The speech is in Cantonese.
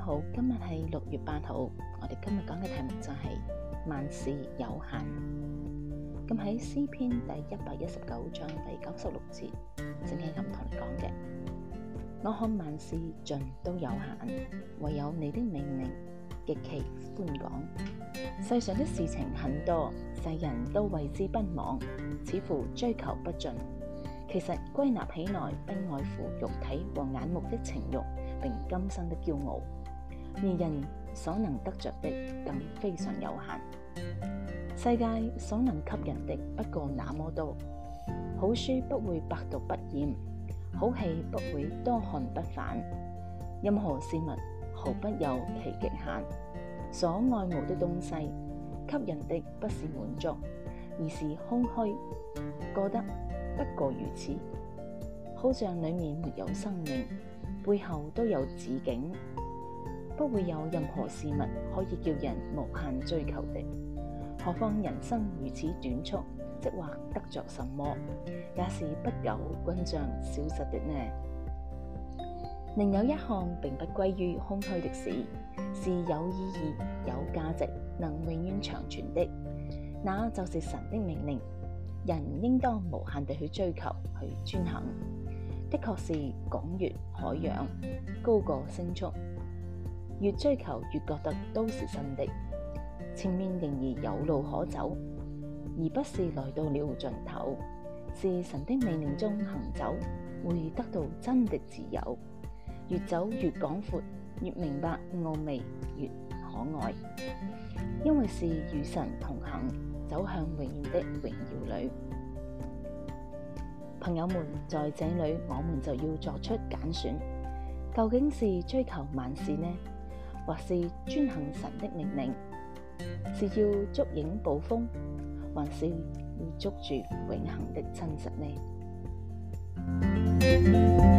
好，今日係六月八號。我哋今日講嘅題目就係萬事有限。咁喺詩篇第一百一十九章第九十六節，正係咁同你講嘅。我看萬事盡都有限，唯有你的命令極其寬廣。世上的事情很多，世人都為之奔忙，似乎追求不盡。其實歸納起來，不外乎肉體和眼目的情慾，並今生的驕傲。而人所能得着的，更非常有限。世界所能給人的，不過那麼多。好書不會百讀不厭，好戲不會多看不煩。任何事物毫不有其極限。所愛慕的東西，給人的不是滿足，而是空虛。覺得不過如此，好像裏面沒有生命，背後都有止境。不會有任何事物可以叫人無限追求的，何況人生如此短促，即話得着什麼也是不久均將消失的呢？另有一項並不歸於空虛的事，是有意義、有價值、能永遠長存的，那就是神的命令。人應當無限地去追求、去遵行，的確是廣越海洋，高過星宿。越追求越覺得都是新的，前面仍然有路可走，而不是來到了盡頭。是神的命令中行走，會得到真的自由。越走越廣闊，越明白奧秘，越可愛。因為是與神同行，走向永遠的榮耀裏。朋友們，在這裏我們就要作出揀選，究竟是追求萬事呢？或是遵行神的命令，是要捉影捕風，還是要捉住永恆的真實呢？